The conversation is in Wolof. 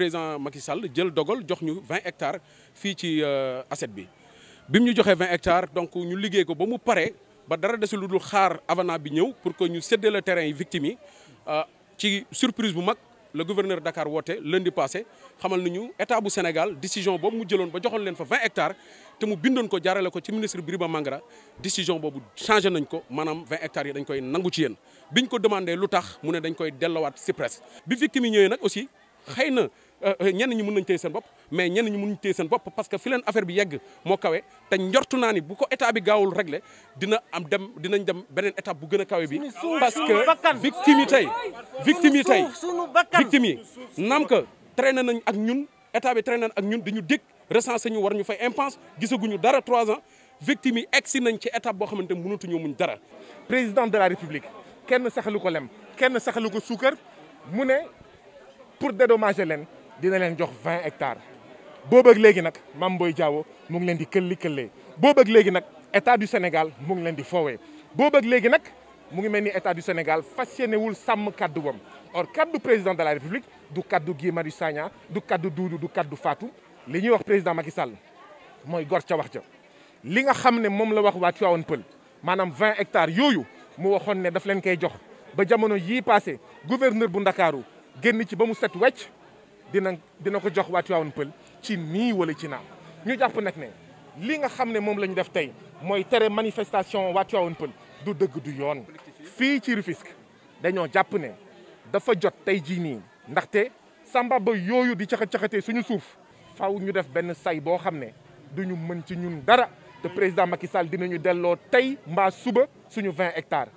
président Macky Sall jël dogal jox 20 hectares fi ci euh, asset bi bi mu ñu 20 hectares donc ñu liggé ko ba mu paré ba dara desul lu xaar avana bi ñew pour que ñu séddee le terrain yi victime yi euh, ci surprise bu mag le gouverneur Dakar woté lundi passé xamal nañu état bu Sénégal décision bobu mu jëloon ba joxoon len fa 20 hectares té mu bindon ko jaralé ko ci ministre Birima Mangara décision bobu changé nañ ko manam 20 hectares yi dañ koy nangu ci yeen biñ ko demandé lutax mu né dañ koy déllowat CIPRES bi victime yi ñëwee aussi xeyna Euh, euh, ñenn ñi mën nañ téye seen bopp mais ñenn ñi mënuñ téye seen bopp parce que fi leen affaire bi yegg moo kawe te njortu naa ni bu ko état bi gaawul réglé dina am dem dinañ dem beneen étape bu gën a kawe bi parce que victime yi tey victime yi tey victime yi naam que traîné nañ ak ñun état bi traîné nañ ak ñun di ñu dégg recensé ñu war ñu fay impense gisaguñu dara trois ans victime yi egsi nañ ci étape boo xamante ne mënatuñoo muñ dara président de la république kenn saxalu ko lem kenn saxalu ko suukar mu ne pour dédommager leen dina len jox 20 hectares boobu ak léegi nak mam boy diawo mo ngi len di këlli këllee boobu ak léegi nak état du Sénégal mo ngi len di fowé boobu ak léegi nak mo ngi melni état du Sénégal fas yéenewul sàmm kaddu bam or kaddu président de la République du kaddu Guy Marius Sagna du kaddu Doudou du kaddu Fatou li ñuy wax président Macky Sall mooy gor ca wax ja li nga xamné mom la wax wa tiawone Peulh manam 20 hectares yoyu mu waxone ne daf leen kay jox ba jamono yi passé gouverneur bu Ndakaaru génn ci ba mu set wécc dina dina ko jox waa pël ci nii wala ci naam ñu jàpp nag ne li nga xam ne moom la ñu def tey mooy tere manifestation waa Tivaouane du dëgg du yoon fii ci Rufisque dañoo jàpp ne dafa jot tey jii nii ndaxte samba ba yooyu di caxat-caxatee suñu suuf faw ñu def benn say boo xam ne duñu mën ci ñun dara te président Macky Sall dinañu delloo tey mbaa suba suñu vingt hectares